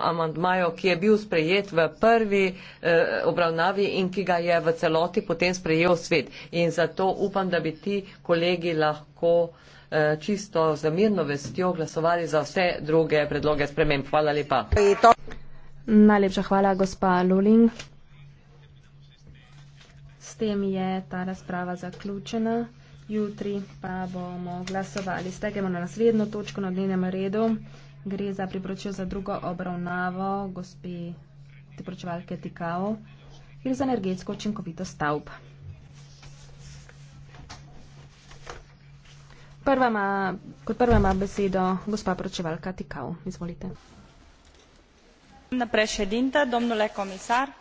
amandmajo, ki je bil sprejet v prvi eh, obravnavi in ki ga je v celoti potem sprejel svet. In zato upam, da bi ti kolegi lahko eh, čisto z mirno vestjo glasovali za vse druge predloge sprememb. Hvala lepa. Najlepša hvala, gospa Luling. S tem je ta razprava zaključena. Jutri pa bomo glasovali. Stegemo na naslednjo točko na dnevnem redu. Gre za priporočil za drugo obravnavo gospe priporočevalke Tikao in za energetsko učinkovito stavb. Prva ma, kot prva ima besedo gospa priporočevalka Tikao. Izvolite. Prešedinta, domnule komisar.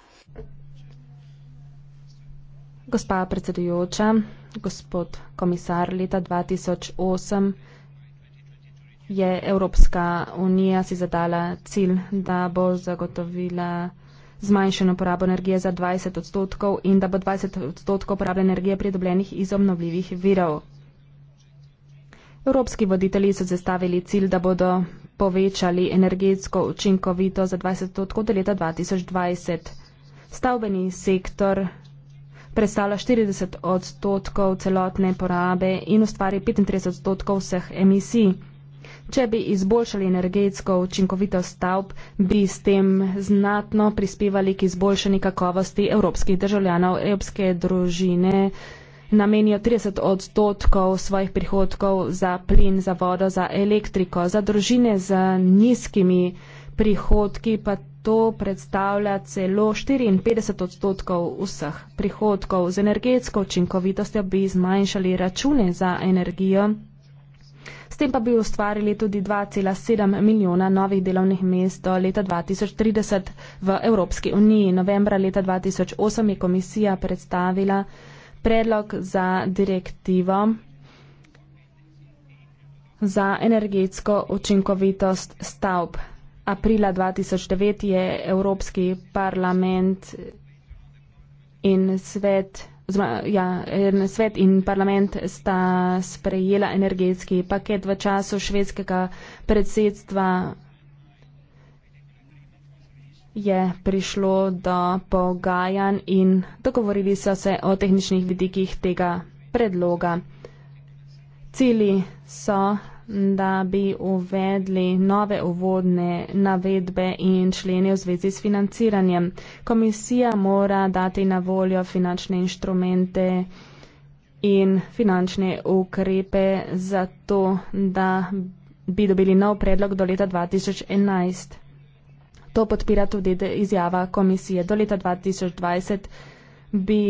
Gospa predsedujoča, gospod komisar, leta 2008 je Evropska unija si zadala cilj, da bo zagotovila zmanjšeno porabo energije za 20 odstotkov in da bo 20 odstotkov porabe energije pridobljenih iz obnovljivih virov. Evropski voditelji so zastavili cilj, da bodo povečali energetsko učinkovito za 20 odstotkov do leta 2020. Stavbeni sektor predstavlja 40 odstotkov celotne porabe in ustvari 35 odstotkov vseh emisij. Če bi izboljšali energetsko učinkovitost stavb, bi s tem znatno prispevali k izboljšanju kakovosti evropskih državljanov, evropske družine namenijo 30 odstotkov svojih prihodkov za plin, za vodo, za elektriko. Za družine z nizkimi prihodki pa to predstavlja celo 54 odstotkov vseh prihodkov. Z energetsko učinkovitostjo bi zmanjšali račune za energijo. S tem pa bi ustvarili tudi 2,7 milijona novih delovnih mest do leta 2030 v Evropski uniji. Novembra leta 2008 je komisija predstavila predlog za direktivo za energetsko učinkovitost stavb. Aprila 2009 je Evropski parlament in svet. Zma, ja, svet in parlament sta sprejela energetski paket v času švedskega predsedstva. Je prišlo do pogajanj in dogovorili so se o tehničnih vidikih tega predloga. Cili so da bi uvedli nove uvodne navedbe in člene v zvezi s financiranjem. Komisija mora dati na voljo finančne inštrumente in finančne ukrepe za to, da bi dobili nov predlog do leta 2011. To podpira tudi izjava komisije. Do leta 2020 bi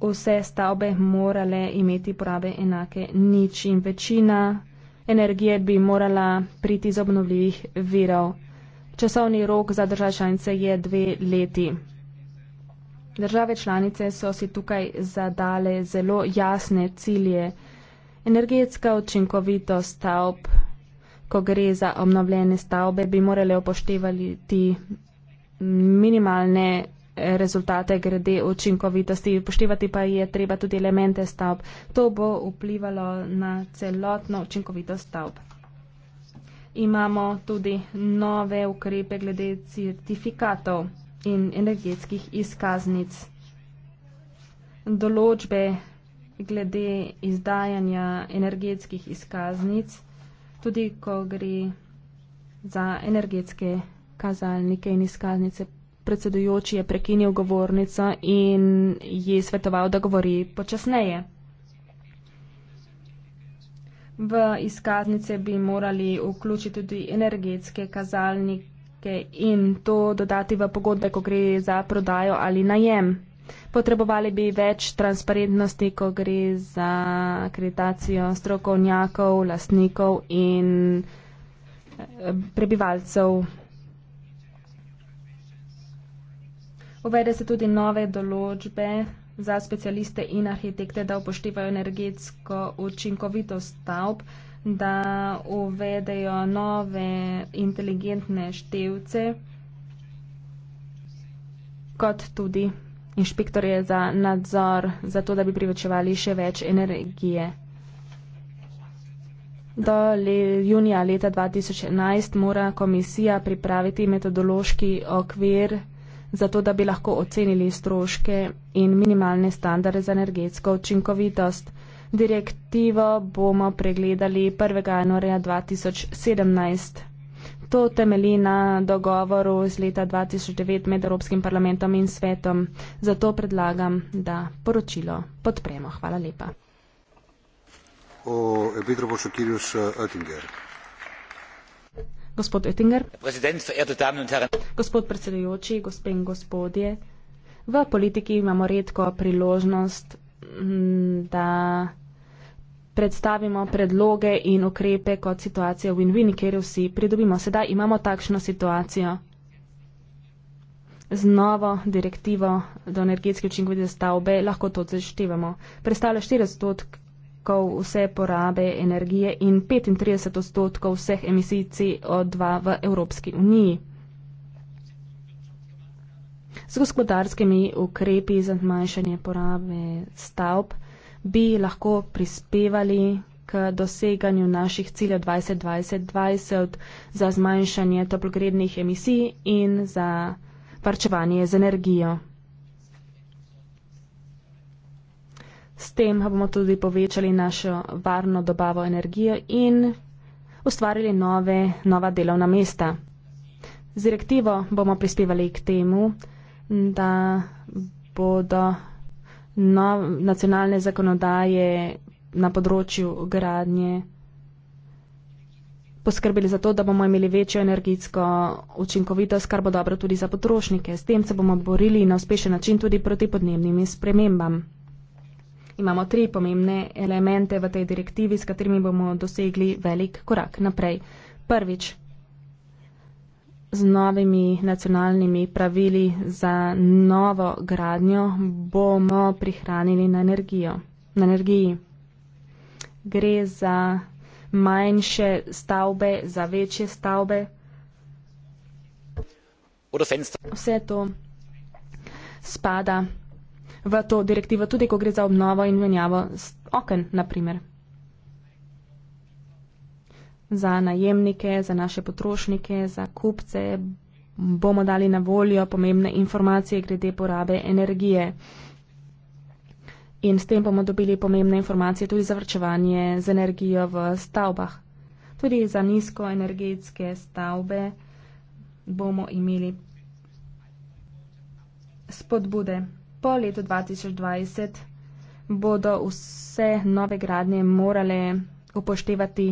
vse stavbe morale imeti porabe enake nič in večina energije bi morala priti iz obnovljivih virov. Časovni rok za države članice je dve leti. Države članice so si tukaj zadale zelo jasne cilje. Energetska učinkovitost stavb, ko gre za obnovljene stavbe, bi morale upoštevati minimalne rezultate grede očinkovitosti. Poštevati pa je treba tudi elemente stavb. To bo vplivalo na celotno očinkovitost stavb. Imamo tudi nove ukrepe glede certifikatov in energetskih izkaznic. Določbe glede izdajanja energetskih izkaznic, tudi ko gre za energetske kazalnike in izkaznice predsedujoči je prekinil govornico in ji svetoval, da govori počasneje. V izkaznice bi morali vključiti tudi energetske kazalnike in to dodati v pogodbe, ko gre za prodajo ali najem. Potrebovali bi več transparentnosti, ko gre za akreditacijo strokovnjakov, lastnikov in eh, prebivalcev. Uvede se tudi nove določbe za specialiste in arhitekte, da upoštevajo energetsko učinkovitost stavb, da uvedejo nove inteligentne števce, kot tudi inšpektorje za nadzor, zato da bi privečevali še več energije. Do le, junija leta 2011 mora komisija pripraviti metodološki okvir zato da bi lahko ocenili stroške in minimalne standarde za energetsko učinkovitost. Direktivo bomo pregledali 1. januarja 2017. To temelji na dogovoru iz leta 2009 med Evropskim parlamentom in svetom. Zato predlagam, da poročilo podpremo. Hvala lepa. O Epitropo Šokirjus uh, Oettinger. Gospod Oettinger. Gospod predsedujoči, gospe in gospodje. V politiki imamo redko priložnost, mm, da predstavimo predloge in ukrepe kot situacijo win-win, kjer vsi pridobimo. Sedaj imamo takšno situacijo z novo direktivo do energetske učinkovite stavbe, lahko to zaštevamo. Predstavlja 4 odstotke odstotkov vse porabe energije in 35 odstotkov vseh emisij CO2 v Evropski uniji. Z gospodarskimi ukrepi za zmanjšanje porabe stavb bi lahko prispevali k doseganju naših ciljev 2020-2020 za zmanjšanje toplogrednih emisij in za varčevanje z energijo. S tem pa bomo tudi povečali našo varno dobavo energije in ustvarili nove, nova delovna mesta. Z direktivo bomo prispevali k temu, da bodo nov, nacionalne zakonodaje na področju gradnje poskrbeli za to, da bomo imeli večjo energetsko učinkovitost, kar bo dobro tudi za potrošnike. S tem se bomo borili na uspešen način tudi proti podnebnim spremembam. Imamo tri pomembne elemente v tej direktivi, s katerimi bomo dosegli velik korak naprej. Prvič, z novimi nacionalnimi pravili za novo gradnjo bomo prihranili na, energijo, na energiji. Gre za manjše stavbe, za večje stavbe. Vse to spada v to direktivo, tudi ko gre za obnovo in menjavo oken, naprimer. Za najemnike, za naše potrošnike, za kupce bomo dali na voljo pomembne informacije glede porabe energije. In s tem bomo dobili pomembne informacije tudi za vrčevanje z energijo v stavbah. Tudi za nizkoenergetske stavbe bomo imeli spodbude po letu 2020 bodo vse nove gradnje morale upoštevati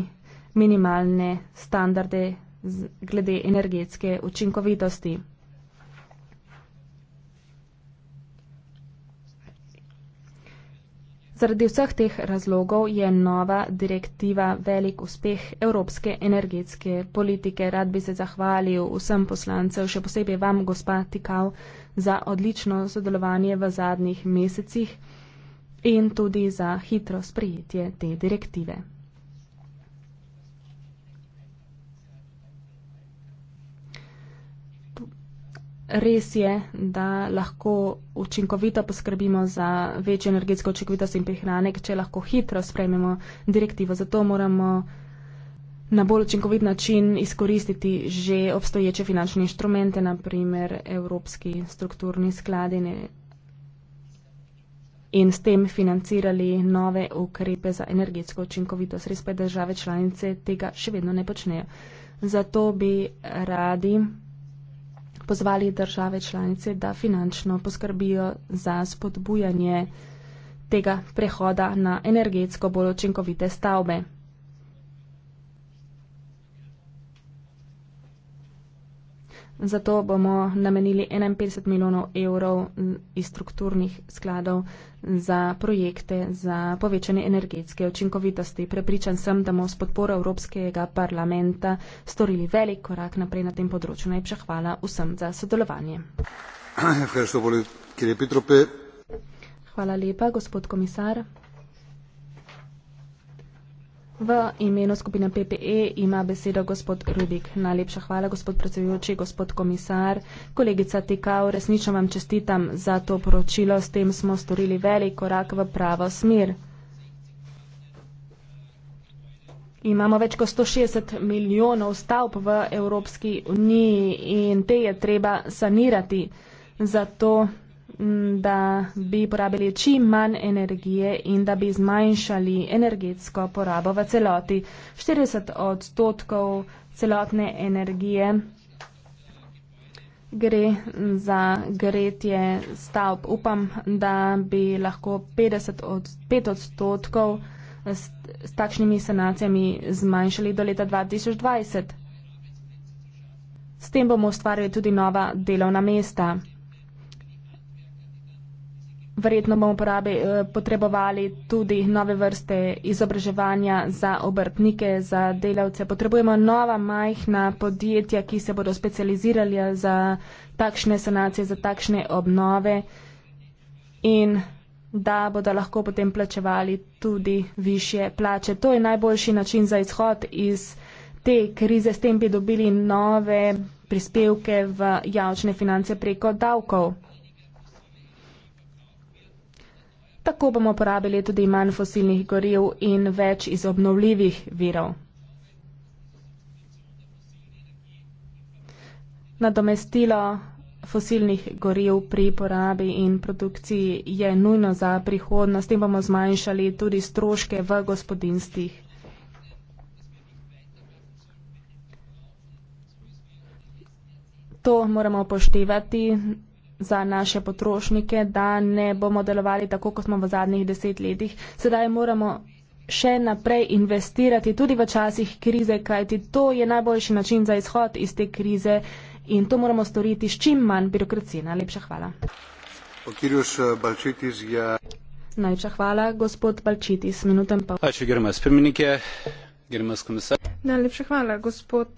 minimalne standarde glede energetske učinkovitosti. Zaradi vseh teh razlogov je nova direktiva velik uspeh evropske energetske politike. Rad bi se zahvalil vsem poslancev, še posebej vam, gospa Tikal za odlično sodelovanje v zadnjih mesecih in tudi za hitro sprejetje te direktive. Res je, da lahko učinkovito poskrbimo za večjo energetsko učinkovitost in prihranek, če lahko hitro sprejmemo direktivo. Zato moramo na bolj učinkovit način izkoristiti že obstoječe finančne inštrumente, naprimer Evropski strukturni skladi in s tem financirali nove ukrepe za energetsko učinkovitost. Res pa je, države članice tega še vedno ne počnejo. Zato bi radi pozvali države članice, da finančno poskrbijo za spodbujanje tega prehoda na energetsko bolj učinkovite stavbe. Zato bomo namenili 51 milijonov evrov iz strukturnih skladov za projekte za povečanje energetske učinkovitosti. Prepričan sem, da bomo s podporo Evropskega parlamenta storili velik korak naprej na tem področju. Najlepša hvala vsem za sodelovanje. Hvala lepa, gospod komisar. V imenu skupine PPE ima besedo gospod Rudik. Najlepša hvala, gospod predsedujoči, gospod komisar, kolegica Tikao. Resnično vam čestitam za to poročilo. S tem smo storili velik korak v pravo smer. Imamo več kot 160 milijonov stavb v Evropski uniji in te je treba sanirati. Zato da bi porabili čim manj energije in da bi zmanjšali energetsko porabo v celoti. 40 odstotkov celotne energije gre za gretje stavb. Upam, da bi lahko 55 odstotkov s, s takšnimi sanacijami zmanjšali do leta 2020. S tem bomo ustvarjali tudi nova delovna mesta. Verjetno bomo porabi, eh, potrebovali tudi nove vrste izobraževanja za obrtnike, za delavce. Potrebujemo nova majhna podjetja, ki se bodo specializirali za takšne sanacije, za takšne obnove in da bodo lahko potem plačevali tudi više plače. To je najboljši način za izhod iz te krize. S tem bi dobili nove prispevke v javčne finance preko davkov. Tako bomo porabili tudi manj fosilnih goriv in več iz obnovljivih virov. Nadomestilo fosilnih goriv pri porabi in produkciji je nujno za prihodnost in bomo zmanjšali tudi stroške v gospodinstvih. To moramo upoštevati za naše potrošnike, da ne bomo delovali tako, kot smo v zadnjih deset letih. Sedaj moramo še naprej investirati tudi v časih krize, kajti to je najboljši način za izhod iz te krize in to moramo storiti s čim manj birokracije. Najlepša hvala. Eh, ja. Najlepša hvala, gospod Balčitis. Minuten pa. Najlepša hvala, gospod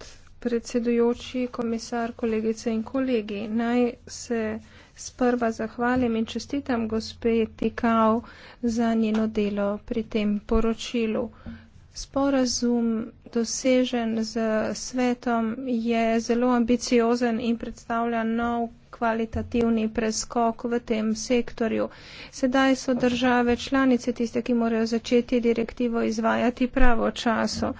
predsedujoči, komisar, kolegice in kolegi. Naj se sprva zahvalim in čestitam gospe Tikau za njeno delo pri tem poročilu. Sporazum dosežen z svetom je zelo ambiciozen in predstavlja nov kvalitativni preskok v tem sektorju. Sedaj so države članice tiste, ki morajo začeti direktivo izvajati pravo časo.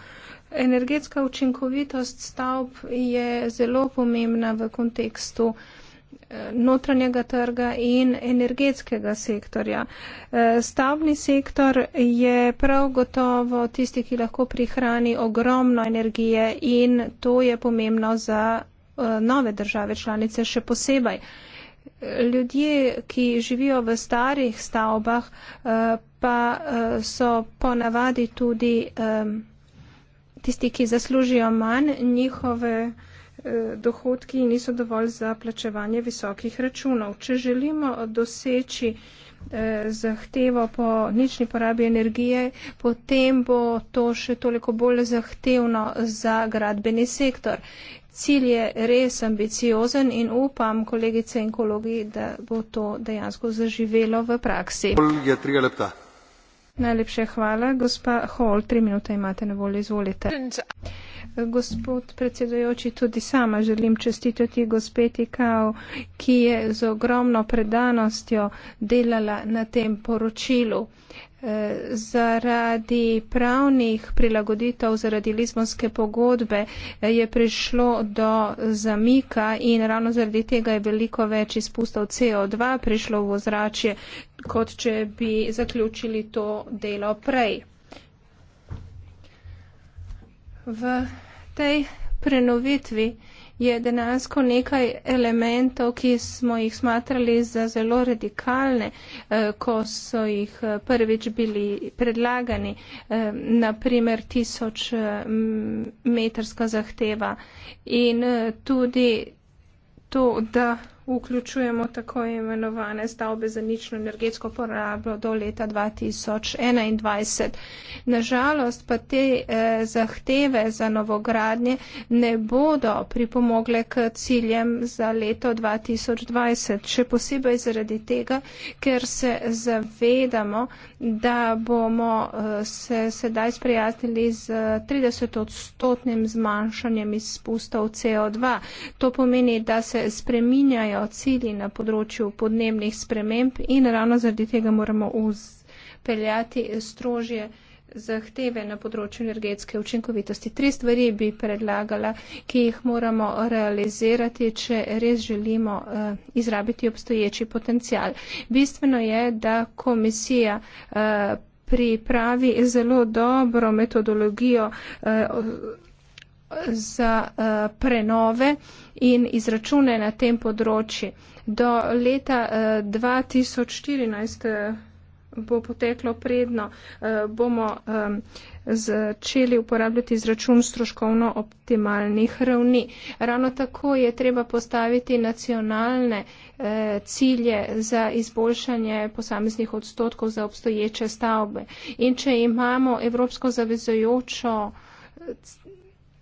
Energetska učinkovitost stavb je zelo pomembna v kontekstu eh, notranjega trga in energetskega sektorja. Eh, Stavni sektor je prav gotovo tisti, ki lahko prihrani ogromno energije in to je pomembno za eh, nove države članice še posebej. Ljudje, ki živijo v starih stavbah, pa so ponavadi tudi tisti, ki zaslužijo manj, njihove eh, dohodki niso dovolj za plačevanje visokih računov. Če želimo doseči eh, zahtevo po nični porabi energije, potem bo to še toliko bolj zahtevno za gradbeni sektor. Cilj je res ambiciozen in upam, kolegice in kolegi, da bo to dejansko zaživelo v praksi. Pol je tri lepta. Najlepša hvala. Gospa Hall, tri minute imate na voljo, izvolite. Gospod predsedojoči, tudi sama želim čestitati gospeti Kao, ki je z ogromno predanostjo delala na tem poročilu. E, zaradi pravnih prilagoditev, zaradi Lizbonske pogodbe e, je prišlo do zamika in ravno zaradi tega je veliko več izpustov CO2 prišlo v ozračje, kot če bi zaključili to delo prej. V tej prenovitvi je dejansko nekaj elementov, ki smo jih smatrali za zelo radikalne, eh, ko so jih eh, prvič bili predlagani, eh, naprimer tisoč metrska zahteva in tudi to, da vključujemo tako imenovane stavbe za nično energetsko porabo do leta 2021. Nažalost pa te eh, zahteve za novogradnje ne bodo pripomogle k ciljem za leto 2020, še posebej zaradi tega, ker se zavedamo, da bomo eh, se sedaj sprijatelji z 30 odstotnim zmanjšanjem izpustov CO2. To pomeni, da se spreminjajo postajajo cilji na področju podnebnih sprememb in ravno zaradi tega moramo uspeljati strožje zahteve na področju energetske učinkovitosti. Tri stvari bi predlagala, ki jih moramo realizirati, če res želimo uh, izrabiti obstoječi potencial. Bistveno je, da komisija uh, pripravi zelo dobro metodologijo uh, za uh, prenove in izračune na tem področju. Do leta uh, eh, 2014 eh, bo poteklo predno, uh, bomo um, začeli uporabljati izračun stroškovno optimalnih ravni. Ravno tako je treba postaviti nacionalne cilje za izboljšanje posameznih odstotkov za obstoječe stavbe. In če imamo evropsko zavezojočo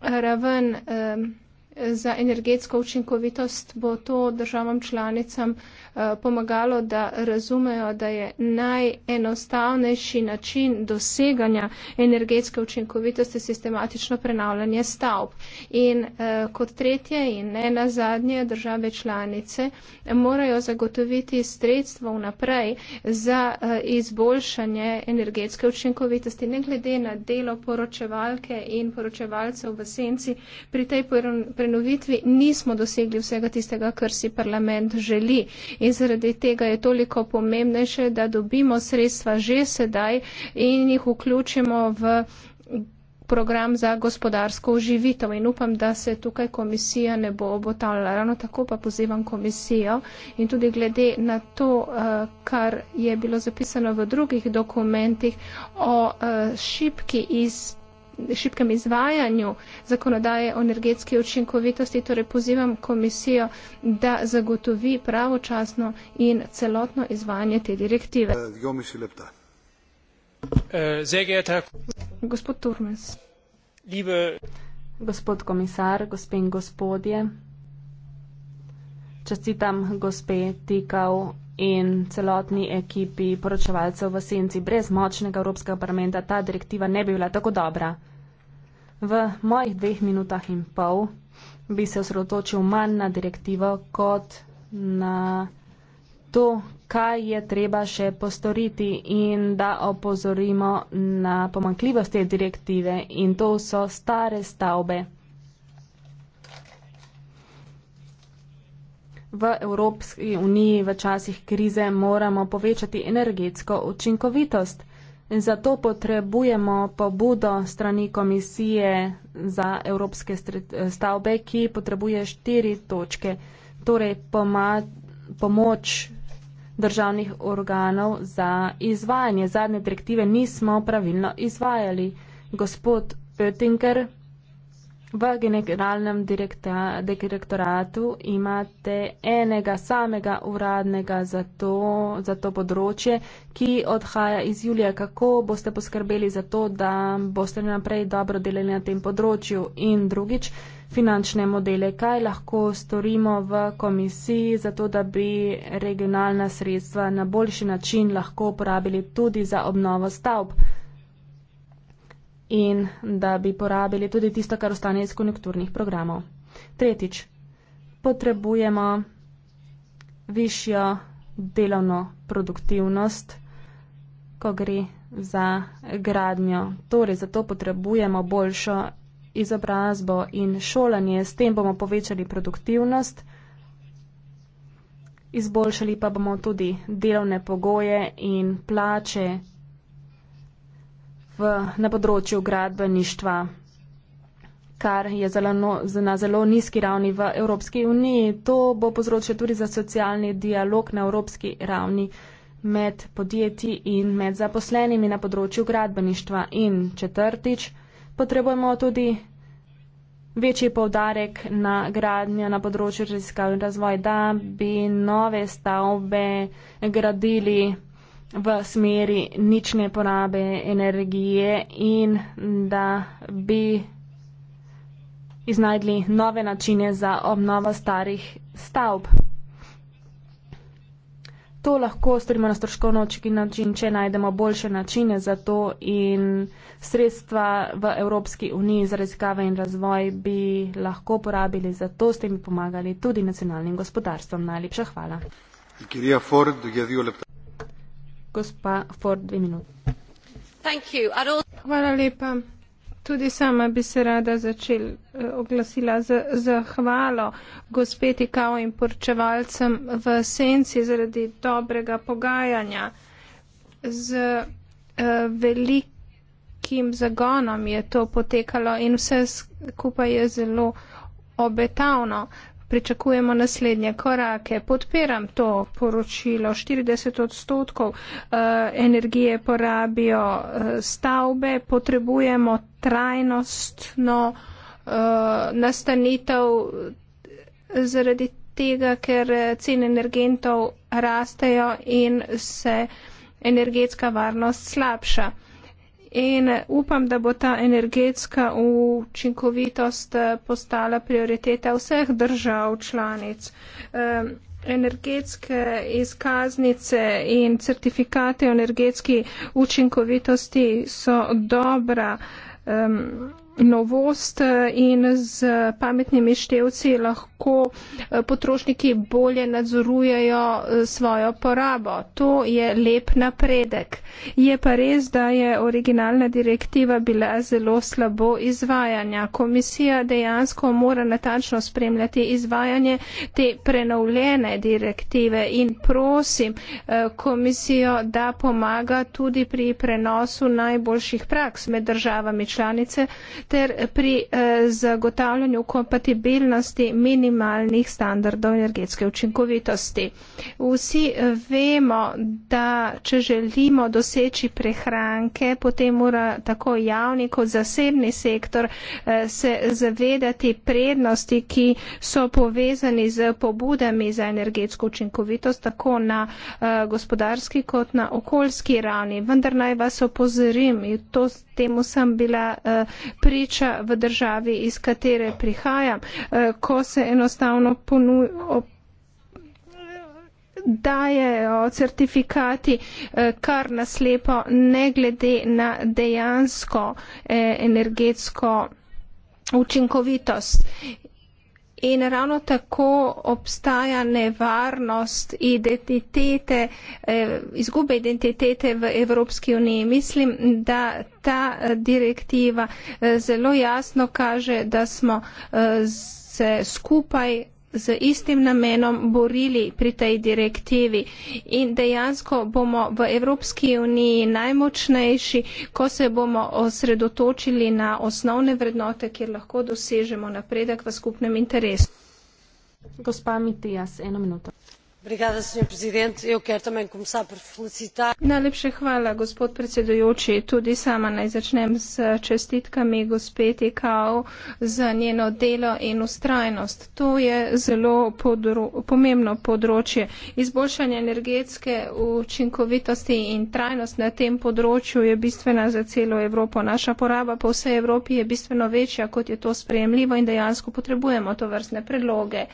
raven um, za energetsko učinkovitost, bo to državam članicam Eh, pomagalo, da razumejo, da je najenostavnejši način doseganja energetske učinkovitosti sistematično prenavljanje stavb. In eh, kot tretje in ne na zadnje, države članice morajo zagotoviti sredstvo vnaprej za eh, izboljšanje energetske učinkovitosti, ne glede na delo poročevalke in poročevalcev v senci. Pri tej prenovitvi nismo dosegli vsega tistega, kar si parlament želi in zaradi tega je toliko pomembnejše, da dobimo sredstva že sedaj in jih vključimo v program za gospodarsko oživitev in upam, da se tukaj komisija ne bo obotavljala. Ravno tako pa pozivam komisijo in tudi glede na to, eh, kar je bilo zapisano v drugih dokumentih o eh, šipki iz šibkem izvajanju zakonodaje o energetski učinkovitosti, torej pozivam komisijo, da zagotovi pravočasno in celotno izvajanje te direktive. Gospod Turmes. Gospod komisar, gospe in gospodje, čestitam gospe Tikav in celotni ekipi poročevalcev v senci. Brez močnega Evropskega parlamenta ta direktiva ne bi bila tako dobra. V mojih dveh minutah in pol bi se osredotočil manj na direktivo kot na to, kaj je treba še postoriti in da opozorimo na pomankljivost te direktive in to so stare stavbe. V Evropski uniji v časih krize moramo povečati energetsko učinkovitost. In zato potrebujemo pobudo strani komisije za evropske stavbe, ki potrebuje štiri točke, torej poma, pomoč državnih organov za izvajanje zadnje direktive nismo pravilno izvajali. Gospod Pötinger, V generalnem direktoratu imate enega samega uradnega za to, za to področje, ki odhaja iz Julija. Kako boste poskrbeli za to, da boste naprej dobro delali na tem področju in drugič finančne modele? Kaj lahko storimo v komisiji za to, da bi regionalna sredstva na boljši način lahko uporabili tudi za obnovo stavb? in da bi porabili tudi tisto, kar ostane iz konjunkturnih programov. Tretjič, potrebujemo višjo delovno produktivnost, ko gre za gradnjo. Torej, zato potrebujemo boljšo izobrazbo in šolanje, s tem bomo povečali produktivnost, izboljšali pa bomo tudi delovne pogoje in plače v, na področju gradbeništva, kar je zelo, no, na zelo nizki ravni v Evropski uniji. To bo povzročilo tudi za socialni dialog na evropski ravni med podjetji in med zaposlenimi na področju gradbeništva. In četrtič, potrebujemo tudi večji povdarek na gradnjo na področju raziskav in razvoj, da bi nove stavbe gradili v smeri nične porabe energije in da bi iznajdli nove načine za obnovo starih stavb. To lahko storimo na stroškovno očekivni način, če najdemo boljše načine za to in sredstva v Evropski uniji za raziskave in razvoj bi lahko porabili za to, s tem bi pomagali tudi nacionalnim gospodarstvom. Najlepša hvala. Hvala lepa. Tudi sama bi se rada začel, eh, oglasila z zahvalo gospeti Kao in porčevalcem v senci zaradi dobrega pogajanja. Z eh, velikim zagonom je to potekalo in vse skupaj je zelo obetavno pričakujemo naslednje korake. Podpiram to poročilo. 40 odstotkov eh, energije porabijo eh, stavbe, potrebujemo trajnostno eh, nastanitev zaradi tega, ker cen energentov rastejo in se energetska varnost slabša. In upam, da bo ta energetska učinkovitost eh, postala prioriteta vseh držav članic. Energetske izkaznice in certifikate o energetski učinkovitosti so dobra. Um, novost eh, in z pametnimi števci lahko eh, potrošniki bolje nadzorujejo eh, svojo porabo. To je lep napredek. Je pa res, da je originalna direktiva bila zelo slabo izvajanja. Komisija dejansko mora natančno spremljati izvajanje te prenovljene direktive in prosim komisijo, da pomaga tudi pri prenosu najboljših praks med državami članice, ter pri eh, zagotavljanju kompatibilnosti minimalnih standardov energetske učinkovitosti. Vsi eh, vemo, da če želimo doseči prehranke, potem mora tako javni kot zasebni sektor eh, se zavedati prednosti, ki so povezani z pobudami za energetsko učinkovitost tako na gospodarski kot na okoljski ravni. Vendar naj vas opozorim, to, temu sem bila pri priča v državi, iz katere prihajam, eh, ko se enostavno ponujo dajejo certifikati eh, kar naslepo, ne glede na dejansko eh, energetsko učinkovitost. In ravno tako obstaja nevarnost identitete, eh, izgube identitete v Evropski uniji. Mislim, da ta eh, direktiva eh, zelo jasno kaže, da smo se skupaj z istim namenom borili pri tej direktivi in dejansko bomo v Evropski uniji najmočnejši, ko se bomo osredotočili na osnovne vrednote, kjer lahko dosežemo napredek v skupnem interesu. Gospa Mitijas, eno minuto. Najlepše hvala, gospod predsedujoči. Tudi sama naj začnem s čestitkami gospeti Kao za njeno delo in ustrajnost. To je zelo podro, pomembno področje. Izboljšanje energetske učinkovitosti in trajnost na tem področju je bistvena za celo Evropo. Naša poraba po vsej Evropi je bistveno večja, kot je to sprejemljivo in dejansko potrebujemo to vrstne predloge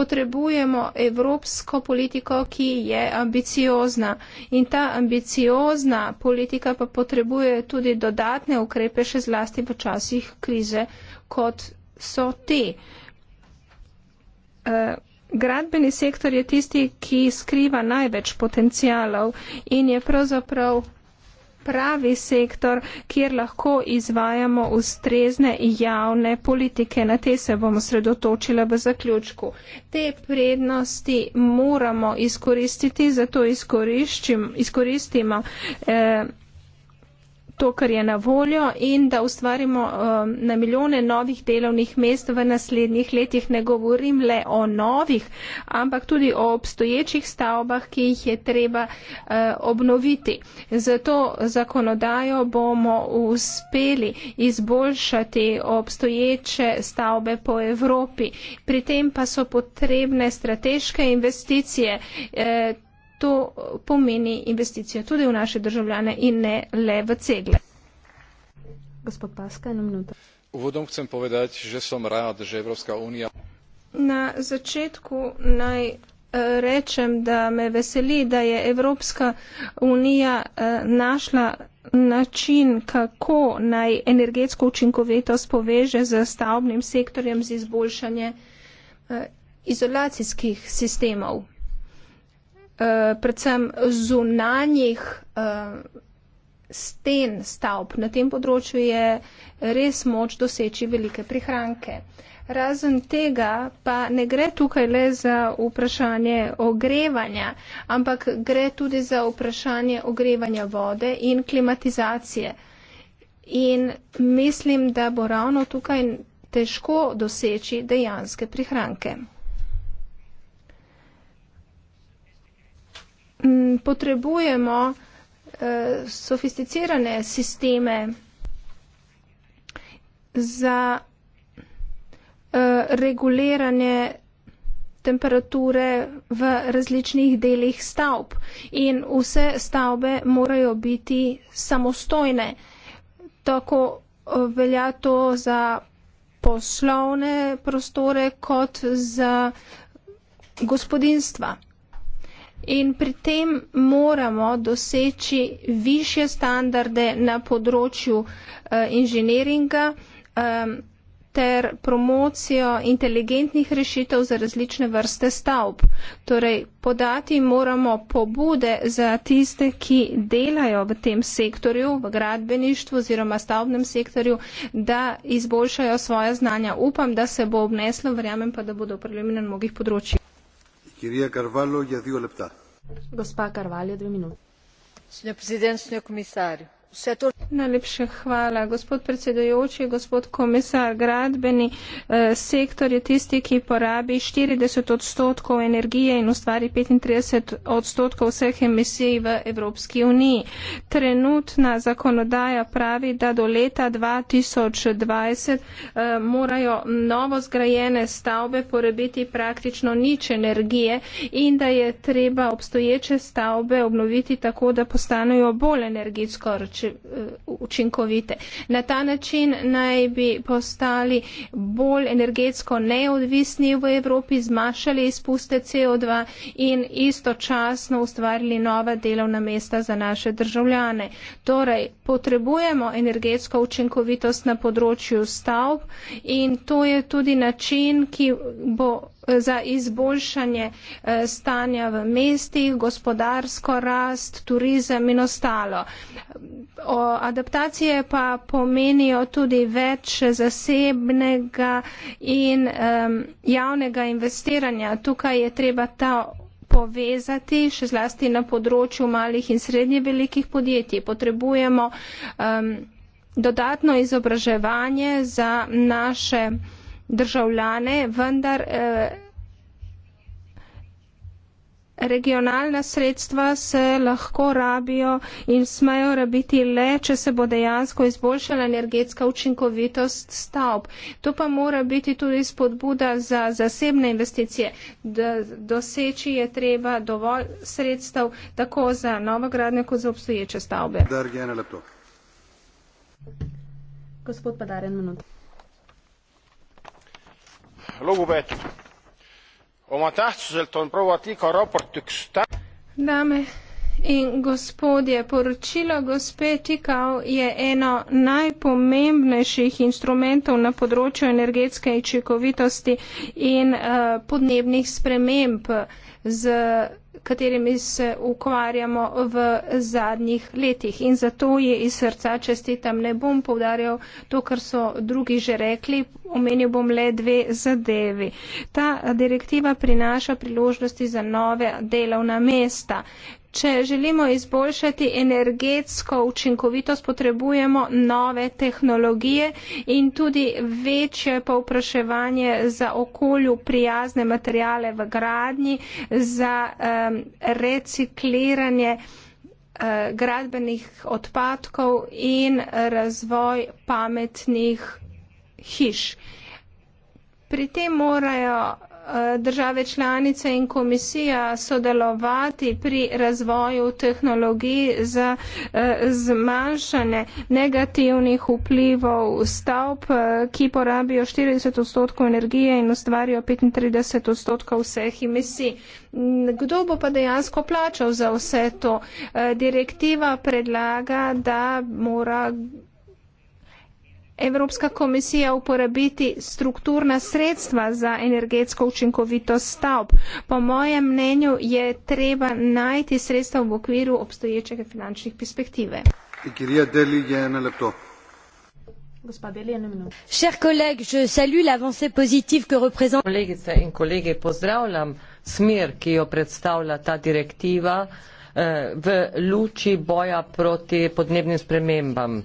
potrebujemo evropsko politiko, ki je ambiciozna. In ta ambiciozna politika pa potrebuje tudi dodatne ukrepe, še zlasti v časih krize, kot so te. Eh, gradbeni sektor je tisti, ki skriva največ potencijalov in je pravzaprav pravi sektor, kjer lahko izvajamo ustrezne javne politike. Na te se bomo sredotočila v zaključku. Te prednosti moramo izkoristiti, zato izkoristimo. Eh, to, kar je na voljo in da ustvarimo um, na milijone novih delovnih mest v naslednjih letih. Ne govorim le o novih, ampak tudi o obstoječih stavbah, ki jih je treba uh, obnoviti. Zato zakonodajo bomo uspeli izboljšati obstoječe stavbe po Evropi. Pri tem pa so potrebne strateške investicije. Eh, to pomeni investicijo tudi v naše državljane in ne le v cegle. Gospod Paska, eno minuto. Uvodom chcem povedať, že som rád, že Európska únia. Na začetku naj e, rečem, da me veseli, da je Evropska unija e, našla način, kako naj energetsko učinkovitost poveže z stavbnim sektorjem z izboljšanje e, izolacijskih sistemov. Eh, predvsem zunanjih eh, sten stavb na tem področju je res moč doseči velike prihranke. Razen tega pa ne gre tukaj le za vprašanje ogrevanja, ampak gre tudi za vprašanje ogrevanja vode in klimatizacije. In mislim, da bo ravno tukaj težko doseči dejanske prihranke. Mm, potrebujemo eh, sofisticirane sisteme za eh, reguliranje temperature v različnih delih stavb in vse stavbe morajo biti samostojne. Tako eh, velja to za poslovne prostore kot za gospodinstva. In pri tem moramo doseči više standarde na področju eh, inženiringa ehm, ter promocijo inteligentnih rešitev za različne vrste stavb. Torej, podati moramo pobude za tiste, ki delajo v tem sektorju, v gradbeništvu oziroma stavbnem sektorju, da izboljšajo svoje znanja. Upam, da se bo obneslo, verjamem pa, da bodo problemi na mnogih področjih gospa carvalho dve minuti. gospod predsednik gospod komisar v evropi je veliko podjetij vse to. Najlepše hvala, gospod predsedujoči, gospod komisar. Gradbeni eh, sektor je tisti, ki porabi 40 odstotkov energije in ustvari 35 odstotkov vseh emisij v Evropski uniji. Trenutna zakonodaja pravi, da do leta 2020 eh, morajo novo zgrajene stavbe porabiti praktično nič energije in da je treba obstoječe stavbe obnoviti tako, da postanejo bolj energijsko rč. Eh, učinkovite. Na ta način naj bi postali bolj energetsko neodvisni v Evropi, zmašali izpuste CO2 in istočasno ustvarili nova delovna mesta za naše državljane. Torej, potrebujemo energetsko učinkovitost na področju stavb in to je tudi način, ki bo za izboljšanje eh, stanja v mestih, gospodarsko rast, turizem in ostalo. O adaptacije pa pomenijo tudi več zasebnega in um, javnega investiranja. Tukaj je treba ta povezati, še zlasti na področju malih in srednje velikih podjetij. Potrebujemo um, dodatno izobraževanje za naše državljane, vendar eh, regionalna sredstva se lahko rabijo in smejo rabiti le, če se bo dejansko izboljšala energetska učinkovitost stavb. To pa mora biti tudi spodbuda za zasebne investicije. Da doseči je treba dovolj sredstev tako za novogradne kot za obstoječe stavbe. Gospod Padaren, minuto lugupeetud oma tähtsuselt on proua Tiika raport üks tä- Dame in gospodje, poročilo gospe Tikao je eno najpomembnejših instrumentov na področju energetske učinkovitosti in uh, podnebnih sprememb z katerimi se ukvarjamo v zadnjih letih. In zato je iz srca čestitam, ne bom povdarjal to, kar so drugi že rekli, omenil bom le dve zadevi. Ta direktiva prinaša priložnosti za nove delovna mesta. Če želimo izboljšati energetsko učinkovitost, potrebujemo nove tehnologije in tudi večje povpraševanje za okolju prijazne materijale v gradnji, za um, recikliranje uh, gradbenih odpadkov in razvoj pametnih hiš. Pri tem morajo države članice in komisija sodelovati pri razvoju tehnologij za eh, zmanjšanje negativnih vplivov stavb, eh, ki porabijo 40 odstotkov energije in ustvarijo 35 odstotkov vseh emisij. Kdo bo pa dejansko plačal za vse to? Eh, direktiva predlaga, da mora Evropska komisija uporabiti strukturna sredstva za energetsko učinkovitost stavb. Po mojem mnenju je treba najti sredstva v okviru obstoječega finančnih perspektive. Kolegice in kolege, pozdravljam smer, ki jo predstavlja ta direktiva eh, v luči boja proti podnebnim spremembam.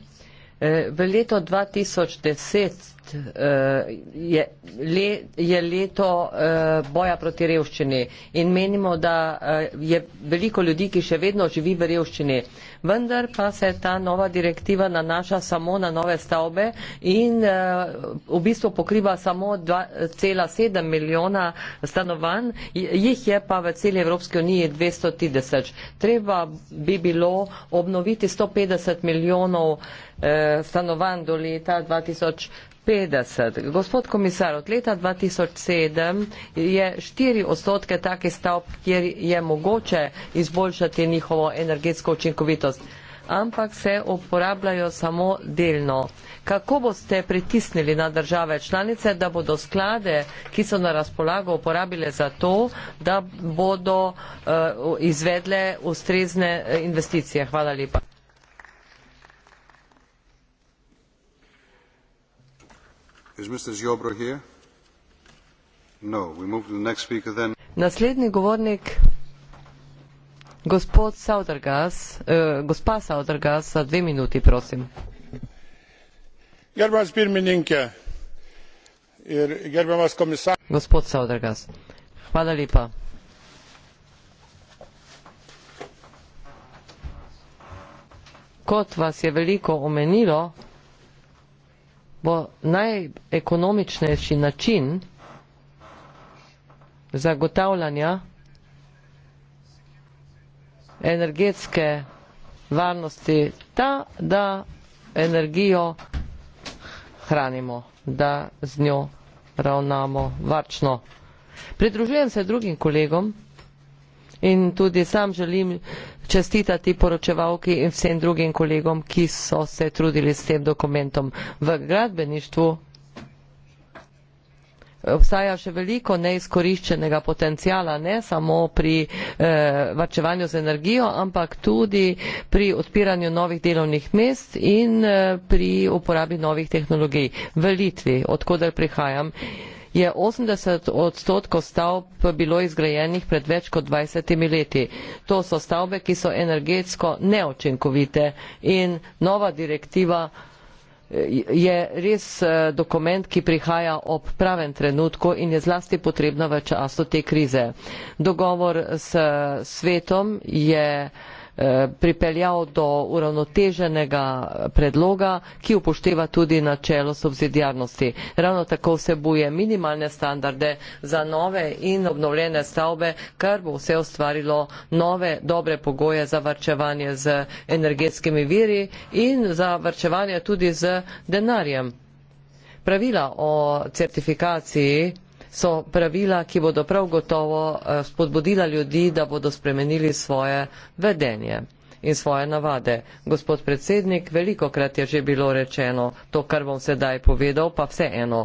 Eh, v leto 2010 Eh, je, le, je leto uh, boja proti revščini in menimo, da uh, je veliko ljudi, ki še vedno živi v revščini. Vendar pa se ta nova direktiva nanaša samo na nove stavbe in uh, v bistvu pokriva samo 2,7 milijona stanovanj, jih je pa v celi Evropski uniji 230. Treba bi bilo obnoviti 150 milijonov stanovanj do leta 2020. 50. Gospod komisar, od leta 2007 je 4 odstotke takih stavb, kjer je mogoče izboljšati njihovo energetsko učinkovitost, ampak se uporabljajo samo delno. Kako boste pritisnili na države članice, da bodo sklade, ki so na razpolago, uporabile za to, da bodo uh, izvedle ustrezne eh, investicije? Hvala lepa. No, Naslednji govornik, gospod Saudargas, eh, gospa Saudargas, za dve minuti, prosim. Gospod Saudargas, hvala lepa. Kot vas je veliko omenilo, bo najekonomičnejši način zagotavljanja energetske varnosti ta, da energijo hranimo, da z njo ravnamo varčno. Pridružujem se drugim kolegom in tudi sam želim čestitati poročevalki in vsem drugim kolegom, ki so se trudili s tem dokumentom v gradbeništvu. Obstaja še veliko neizkoriščenega potencijala, ne samo pri eh, varčevanju z energijo, ampak tudi pri odpiranju novih delovnih mest in eh, pri uporabi novih tehnologij v Litvi, odkudar prihajam. Eh, je osemdeset odstotkov stavb bilo izgrajenih pred več kot dvajsetimi leti. To so stavbe, ki so energetsko neočinkovite in nova direktiva eh, je res eh, dokument, ki prihaja ob pravem trenutku in je zlasti potrebna v času te krize. Dogovor s svetom je Eh, pripeljal do uravnoteženega predloga, ki upošteva tudi načelo subsidijarnosti. Ravno tako vsebuje minimalne standarde za nove in obnovljene stavbe, kar bo vse ustvarilo nove dobre pogoje za varčevanje z energetskimi viri in za varčevanje tudi z denarjem. Pravila o certifikaciji so pravila, ki bodo prav gotovo eh, spodbudila ljudi, da bodo spremenili svoje vedenje in svoje navade. Gospod predsednik, veliko krat je že bilo rečeno to, kar bom sedaj povedal, pa vseeno. eno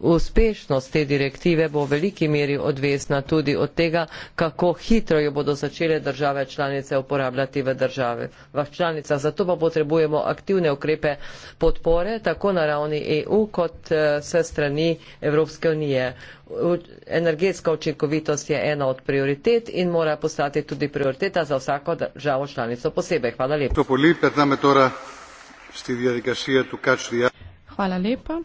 uspešnost te direktive bo v veliki meri odvisna tudi od tega, kako hitro jo bodo začele države članice uporabljati v državah članicah. Zato pa potrebujemo aktivne ukrepe podpore tako na ravni EU kot eh, se strani Evropske unije. Energetska učinkovitost je ena od prioritet in mora postati tudi prioriteta za vsako državo članico posebej. Hvala lepa. Hvala lepa.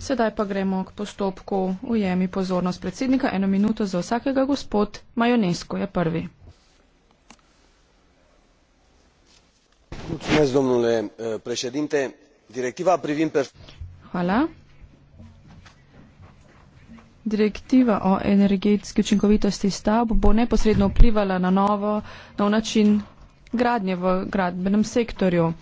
Sedaj pa gremo k postopku. Ujemi pozornost predsednika. Eno minuto za vsakega gospod. Majonesko je prvi. Mulțumesc, domnule eh, președinte. Directiva privind Hvala. Direktiva o energetski učinkovitosti stavb bo neposredno vplivala na novo, nov način gradnje v gradbenem sektorju. Uh,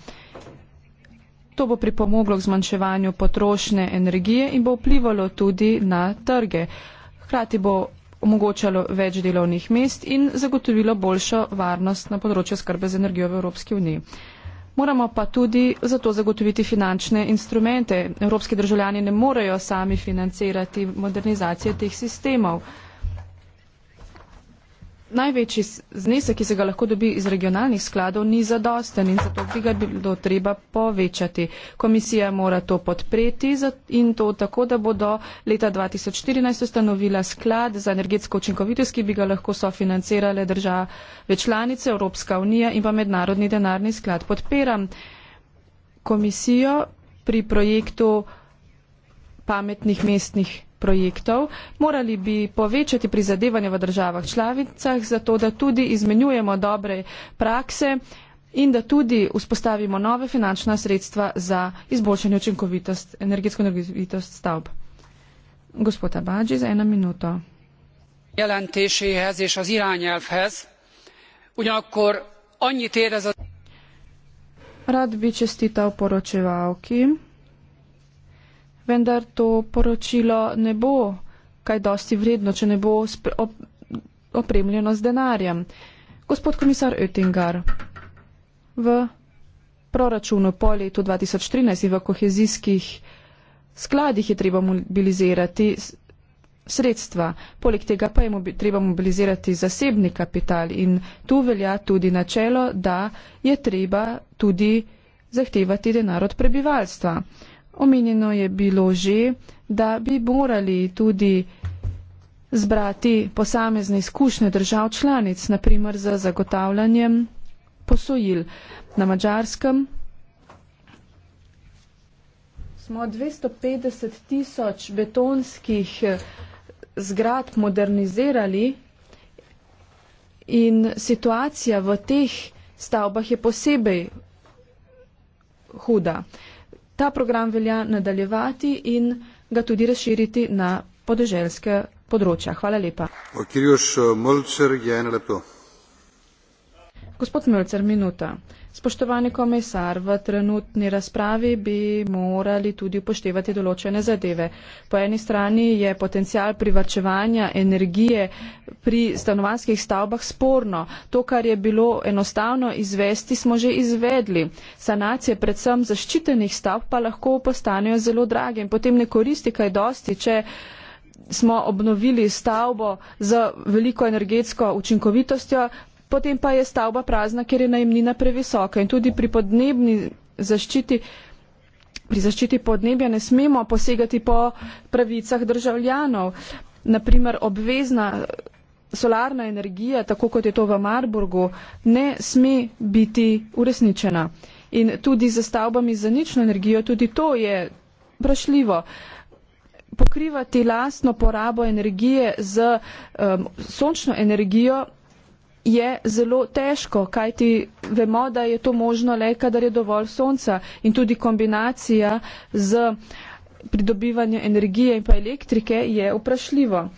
To bo pripomoglo k zmanjševanju potrošne energije in bo vplivalo tudi na trge. Hkrati bo omogočalo več delovnih mest in zagotovilo boljšo varnost na področju skrbe z energijo v Evropski uniji. Moramo pa tudi zato zagotoviti finančne instrumente. Evropski državljani ne morejo sami financirati modernizacije teh sistemov največji znesek, ki se ga lahko dobi iz regionalnih skladov, ni zadosten in zato bi ga bilo treba povečati. Komisija mora to podpreti in to tako, da bo do leta 2014 ustanovila sklad za energetsko učinkovitost, ki bi ga lahko sofinancirale države članice, Evropska unija in pa mednarodni denarni sklad. Podpiram komisijo pri projektu pametnih mestnih projektov. Morali bi povečati prizadevanje v državah članicah, zato da tudi izmenjujemo dobre prakse in da tudi vzpostavimo nove finančna sredstva za izboljšanje učinkovitost, energetsko energetskost stavb. Gospod Abadži, za eno minuto. Rad bi čestital poročevalki vendar to poročilo ne bo kaj dosti vredno, če ne bo opremljeno z denarjem. Gospod komisar Oettinger, v proračunu po letu 2013 in v kohezijskih skladih je treba mobilizirati sredstva, poleg tega pa je treba mobilizirati zasebni kapital in tu velja tudi načelo, da je treba tudi zahtevati denar od prebivalstva. Omenjeno je bilo že, da bi morali tudi zbrati posamezne izkušnje držav članic, naprimer za zagotavljanjem posojil na mačarskem. Smo 250 tisoč betonskih eh, zgrad modernizirali in situacija v teh stavbah je posebej huda. Ta program velja nadaljevati in ga tudi razširiti na podeželske področja. Hvala lepa. Okirjoš Mölcer, je ena lepo. Gospod Mölcer, minuta. Spoštovani komisar, v trenutni razpravi bi morali tudi upoštevati določene zadeve. Po eni strani je potencial privrčevanja energije pri stanovanskih stavbah sporno. To, kar je bilo enostavno izvesti, smo že izvedli. Sanacije predvsem zaščitenih stavb pa lahko postanejo zelo drage in potem ne koristi kaj dosti, če smo obnovili stavbo z veliko energetsko učinkovitostjo, potem pa je stavba prazna, ker je najemnina previsoka. In tudi pri podnebni zaščiti, pri zaščiti podnebja ne smemo posegati po pravicah državljanov. Naprimer, obvezna solarna energija, tako kot je to v Marburgu, ne sme biti uresničena. In tudi za stavbami za nično energijo, tudi to je vprašljivo. Pokrivati lastno porabo energije z um, sončno energijo je zelo težko, kajti vemo, da je to možno le, kadar je dovolj sonca in tudi kombinacija z pridobivanjem energije in pa elektrike je vprašljivo.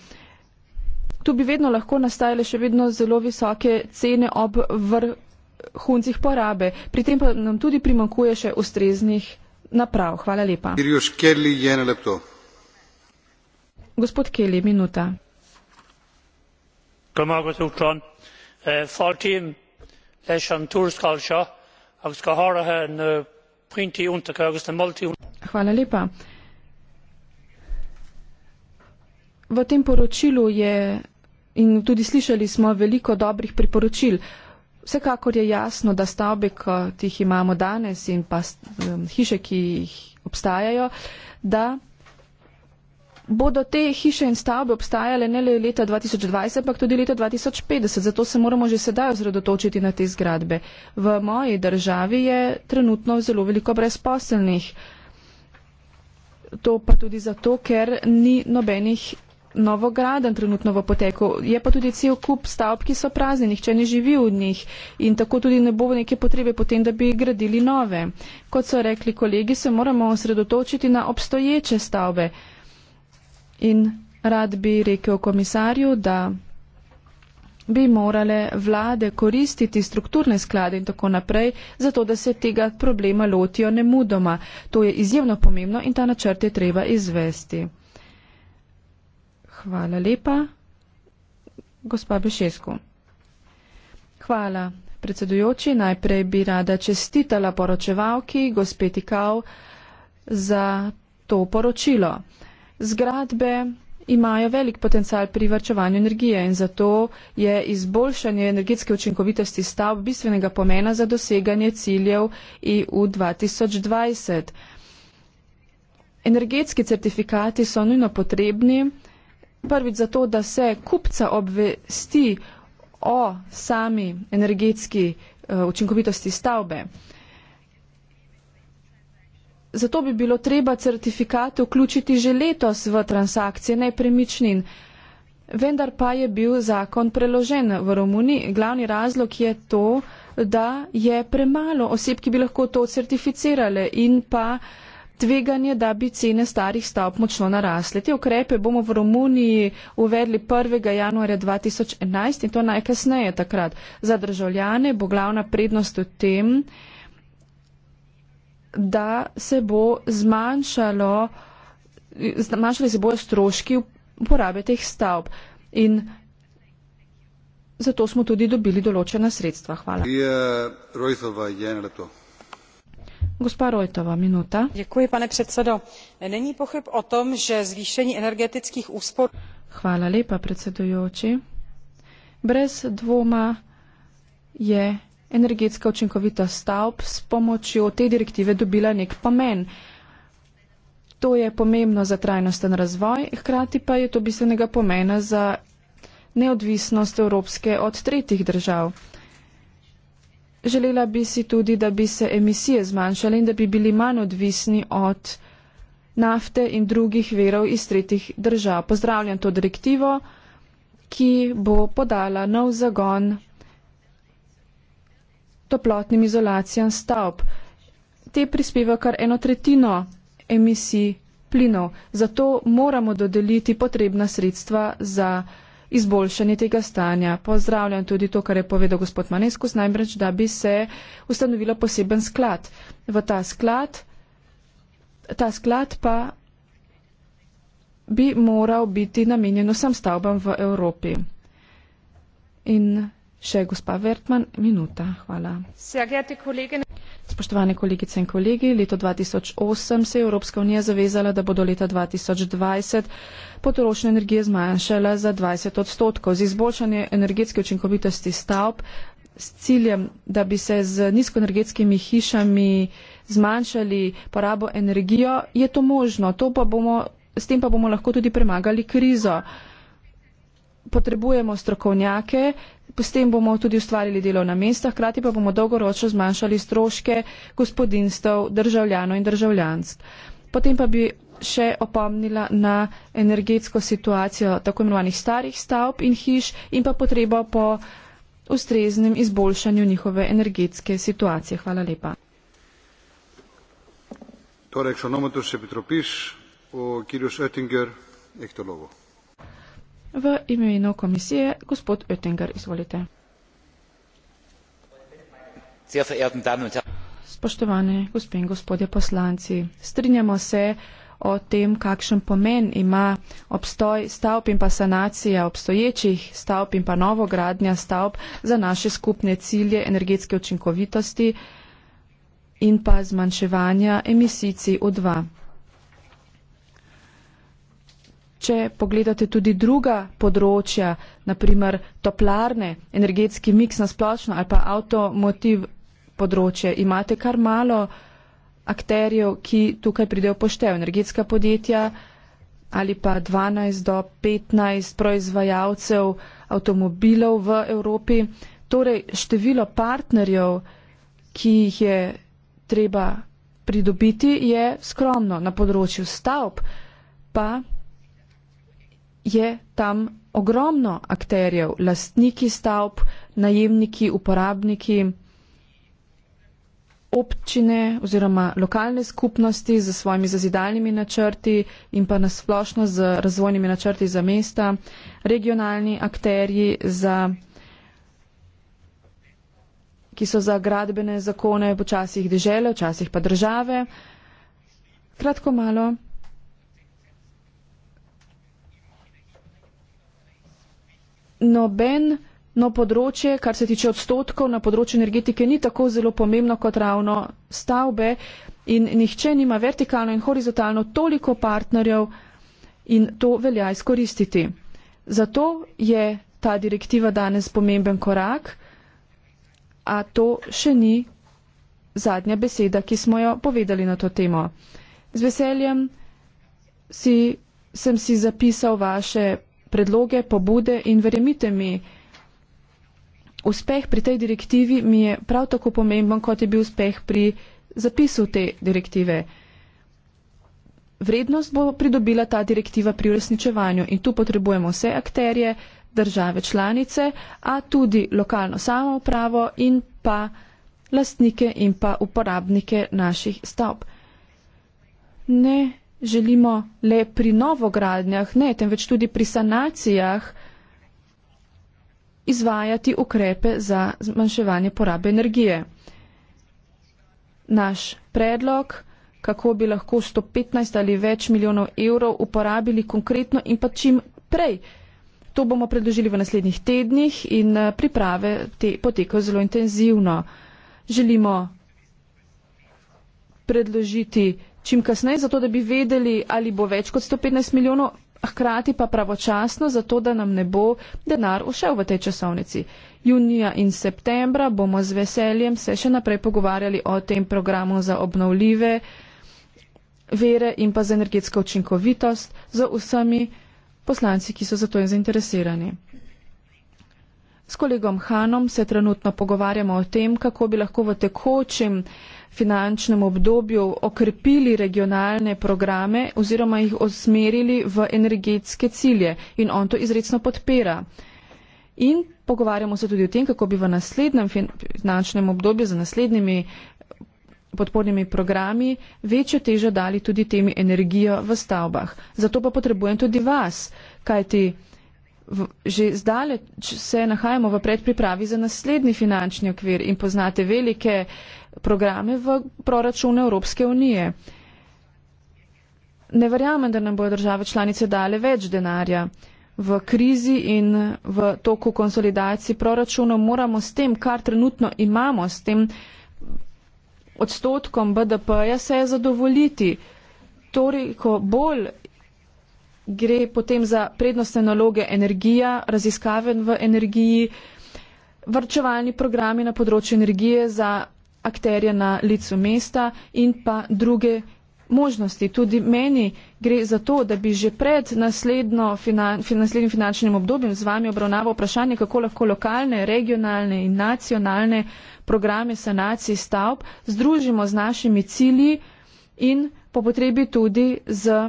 Tu bi vedno lahko nastajale še vedno zelo visoke cene ob vrhuncih porabe. Pri tem pa nam tudi primankuje še ustreznih naprav. Hvala lepa. Irjuš Kelly, Jena Lepto. Gospod Kelly, minuta. Kamago se učon fáiltíonn leis an tuarascáil seo agus go háirithe na puintí úntacha agus na moltúnáile lipa V tem poročilu je, in tudi slišali smo, veliko dobrih priporočil. Vsekakor je jasno, da stavbe, kot jih imamo danes in pa um, hiše, ki jih obstajajo, da bodo te hiše in stavbe obstajale ne le leta 2020, ampak tudi leta 2050. Zato se moramo že sedaj ozredotočiti na te zgradbe. V moji državi je trenutno zelo veliko brezposelnih. To pa tudi zato, ker ni nobenih novogradan trenutno v poteku. Je pa tudi cel kup stavb, ki so praznenih, če ne živi v njih. In tako tudi ne bo neke potrebe potem, da bi gradili nove. Kot so rekli kolegi, se moramo osredotočiti na obstoječe stavbe. In rad bi rekel komisarju, da bi morale vlade koristiti strukturne sklade in tako naprej, zato da se tega problema lotijo nemudoma. To je izjemno pomembno in ta načrt je treba izvesti. Hvala lepa, gospa Bešesko. Hvala, predsedujoči. Najprej bi rada čestitala poročevalki, gospeti Kav, za to poročilo zgradbe imajo velik potencial pri vrčevanju energije in zato je izboljšanje energetske učinkovitosti stavb bistvenega pomena za doseganje ciljev EU 2020. Energetski certifikati so nujno potrebni, prvič zato, da se kupca obvesti o sami energetski eh, učinkovitosti stavbe zato bi bilo treba certifikate vključiti že letos v transakcije nepremičnin. Vendar pa je bil zakon preložen v Romuniji. Glavni razlog je to, da je premalo oseb, ki bi lahko to certificirale in pa tveganje, da bi cene starih stavb močno narasle. Te ukrepe bomo v Romuniji uvedli 1. januarja 2011 in to najkasneje takrat. Za državljane bo glavna prednost v tem, da da se bo zmanjšalo, zmanjšali se bojo stroški uporabe teh stavb. In zato smo tudi dobili določena sredstva. Hvala. Gospa Rojtova, minuta. Děkuji, pane predsedo. Není pochyb o tom, že zvýšení energetických úspor... Hvala lepa, predsedujoči. Brez dvoma je energetska učinkovita stavb s pomočjo te direktive dobila nek pomen. To je pomembno za trajnosten razvoj, hkrati pa je to bistvenega pomena za neodvisnost Evropske od tretjih držav. Želela bi si tudi, da bi se emisije zmanjšale in da bi bili manj odvisni od nafte in drugih verov iz tretjih držav. Pozdravljam to direktivo, ki bo podala nov zagon toplotnim izolacijam stavb. Te prispevajo kar eno tretjino emisij plinov, zato moramo dodeliti potrebna sredstva za izboljšanje tega stanja. Pozdravljam tudi to, kar je povedal gospod Maneskus, najbrž, da bi se ustanovilo poseben sklad. V ta sklad, ta sklad pa bi moral biti namenjen vsem stavbam v Evropi. In Še gospa Vertman, minuta. Hvala. Spoštovane kolegice in kolegi, leto 2008 se je Evropska unija zavezala, da bo do leta 2020 potrošnja energije zmanjšala za 20 odstotkov. Z izboljšanje energetske učinkovitosti stavb s ciljem, da bi se z nizkoenergetskimi hišami zmanjšali porabo energijo, je to možno. To pa bomo, s tem pa bomo lahko tudi premagali krizo potrebujemo strokovnjake, s tem bomo tudi ustvarili delovna mesta, hkrati pa bomo dolgoročno zmanjšali stroške gospodinstv, državljanov in državljanstv. Potem pa bi še opomnila na energetsko situacijo tako imenovanih starih stavb in hiš in pa potrebo po ustreznem izboljšanju njihove energetske situacije. Hvala lepa. Torej, Ektolovo. V imenu komisije gospod Oettinger, izvolite. Spoštovane gospe in gospodje poslanci, strinjamo se o tem, kakšen pomen ima obstoj stavb in pa sanacija obstoječih stavb in pa novogradnja stavb za naše skupne cilje energetske učinkovitosti in pa zmanjševanja emisij CO2 če pogledate tudi druga področja, naprimer toplarne, energetski miks na splošno ali pa avtomotiv področje, imate kar malo akterjev, ki tukaj pridejo poštejo. Energetska podjetja ali pa 12 do 15 proizvajalcev avtomobilov v Evropi. Torej, število partnerjev, ki jih je treba pridobiti, je skromno na področju stavb, pa je tam ogromno akterjev, lastniki stavb, najemniki, uporabniki, občine oziroma lokalne skupnosti z svojimi zazidalnimi načrti in pa nasplošno z razvojnimi načrti za mesta, regionalni akterji, za, ki so za gradbene zakone, včasih dežele, včasih pa države. Kratko malo. noben, no področje, kar se tiče odstotkov na področju energetike, ni tako zelo pomembno kot ravno stavbe in nihče nima vertikalno in horizontalno toliko partnerjev in to velja izkoristiti. Zato je ta direktiva danes pomemben korak, a to še ni zadnja beseda, ki smo jo povedali na to temo. Z veseljem si, sem si zapisal vaše predloge, pobude in verjemite mi, uspeh pri tej direktivi mi je prav tako pomemben, kot je bil uspeh pri zapisu te direktive. Vrednost bo pridobila ta direktiva pri uresničevanju in tu potrebujemo vse akterje, države članice, a tudi lokalno samoupravo in pa lastnike in pa uporabnike naših stavb. Ne želimo le pri novogradnjah, ne, temveč tudi pri sanacijah izvajati ukrepe za zmanjševanje porabe energije. Naš predlog, kako bi lahko 115 ali več milijonov evrov uporabili konkretno in pa čim prej. To bomo predložili v naslednjih tednih in eh, priprave te potekajo zelo intenzivno. Želimo predložiti čim kasneje, zato da bi vedeli, ali bo več kot 115 milijonov, hkrati pa pravočasno, zato da nam ne bo denar ušel v tej časovnici. Junija in septembra bomo z veseljem se še naprej pogovarjali o tem programu za obnovljive vere in pa za energetsko učinkovitost z vsemi poslanci, ki so za to zainteresirani. S kolegom Hanom se trenutno pogovarjamo o tem, kako bi lahko v tekočem finančnem obdobju okrepili regionalne programe oziroma jih osmerili v energetske cilje in on to izredno podpira. In pogovarjamo se tudi o tem, kako bi v naslednjem finančnem obdobju za naslednjimi eh, podpornimi programi večjo težo dali tudi temi energijo v stavbah. Zato pa potrebujem tudi vas, kajti v, že zdaleč se nahajamo v predpripravi za naslednji finančni okvir in poznate velike programe v proračune Evropske unije. Ne verjamem, da nam bodo države članice dale več denarja. V krizi in v toku konsolidacije proračunov moramo s tem, kar trenutno imamo, s tem odstotkom BDP-ja se zadovoljiti. Toliko bolj gre potem za prednostne naloge energija, raziskave v energiji, vrčevalni programi na področju energije za akterja na licu mesta in pa druge možnosti. Tudi meni gre za to, da bi že pred naslednjo finan, naslednjim finančnim obdobjem z vami obravnaval vprašanje, kako lahko lokalne, regionalne in nacionalne programe sanacij stavb združimo z našimi cilji in po potrebi tudi z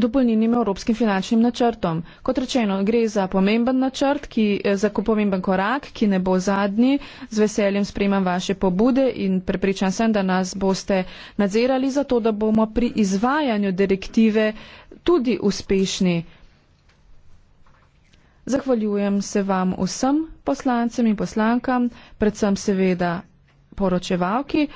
dopolnjenim evropskim finančnim načrtom. Kot rečeno, gre za pomemben načrt, ki je eh, za pomemben korak, ki ne bo zadnji. Z veseljem spremam vaše pobude in prepričan sem, da nas boste nadzirali za to, da bomo pri izvajanju direktive tudi uspešni. Zahvaljujem se vam vsem poslancem in poslankam, predvsem seveda poročevalki.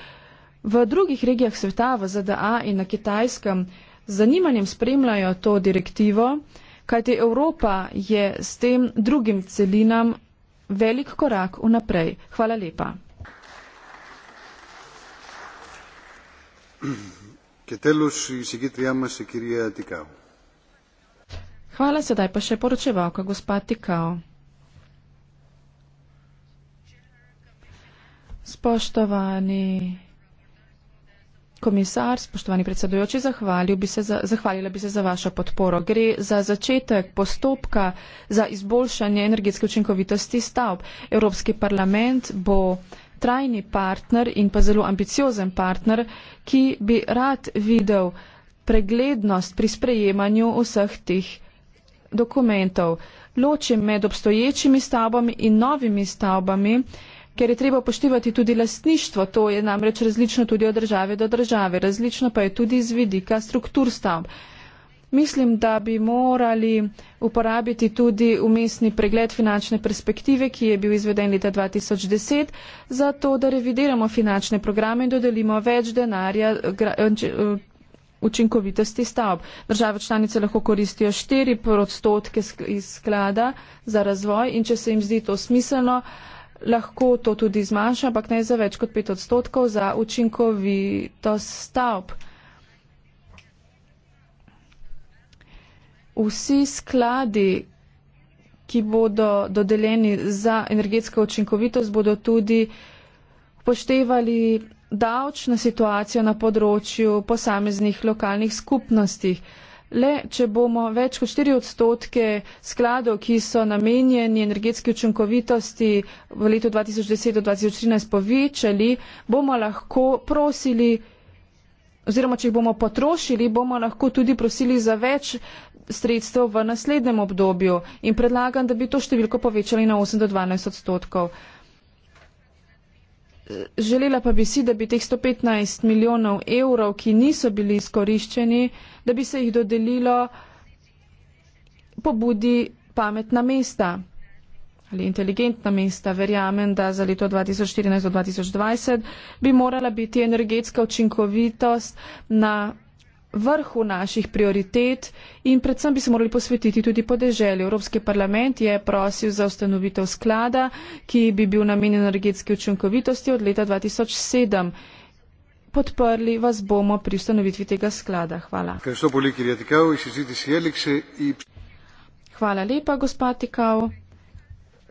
V drugih regijah sveta, v ZDA in na kitajskem, z zanimanjem spremljajo to direktivo, kajti Evropa je s tem drugim celinam velik korak vnaprej. Hvala lepa. Hvala sedaj pa še poročevalka, gospa Tikao. Spoštovani komisar, spoštovani predsedujoči, zahvalil bi se za, zahvalila bi se za vašo podporo. Gre za začetek postopka za izboljšanje energetske učinkovitosti stavb. Evropski parlament bo trajni partner in pa zelo ambiciozen partner, ki bi rad videl preglednost pri sprejemanju vseh teh dokumentov. Loči med obstoječimi stavbami in novimi stavbami ker je treba upoštevati tudi lastništvo, to je namreč različno tudi od države do države, različno pa je tudi z vidika struktur stavb. Mislim, da bi morali uporabiti tudi umestni pregled finančne perspektive, ki je bil izveden leta 2010, zato da revidiramo finančne programe in dodelimo več denarja učinkovitosti stavb. Države članice lahko koristijo 4 odstotke iz sklada za razvoj in če se jim zdi to smiselno, lahko to tudi zmanjša, ampak ne za več kot pet odstotkov za učinkovito stavb. Vsi skladi, ki bodo dodeljeni za energetsko učinkovitost, bodo tudi upoštevali davčno situacijo na področju posameznih lokalnih skupnostih. Le, če bomo več kot 4 odstotke skladov, ki so namenjeni energetski učinkovitosti v letu 2010 do 2013 povečali, bomo lahko prosili, oziroma če jih bomo potrošili, bomo lahko tudi prosili za več sredstev v naslednjem obdobju. In predlagam, da bi to številko povečali na 8 do 12 odstotkov. Želela pa bi si, da bi teh 115 milijonov evrov, ki niso bili izkoriščeni, da bi se jih dodelilo pobudi pametna mesta ali inteligentna mesta. Verjamem, da za leto 2014 do 2020 bi morala biti energetska učinkovitost na vrhu naših prioritet in predvsem bi se morali posvetiti tudi podeželju. Evropski parlament je prosil za ustanovitev sklada, ki bi bil namenjen energetski učinkovitosti od leta 2007. Podprli vas bomo pri ustanovitvi tega sklada. Hvala. Hvala lepa, gospod Tikav.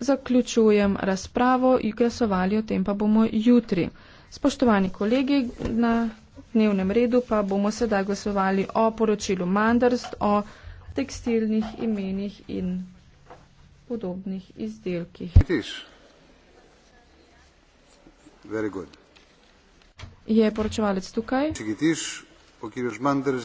Zaključujem razpravo in glasovali o tem pa bomo jutri. Spoštovani kolegi, na dnevnem redu pa bomo sedaj glasovali o poročilu Mandrst, o tekstilnih imenih in podobnih izdelkih. Je poročevalec tukaj?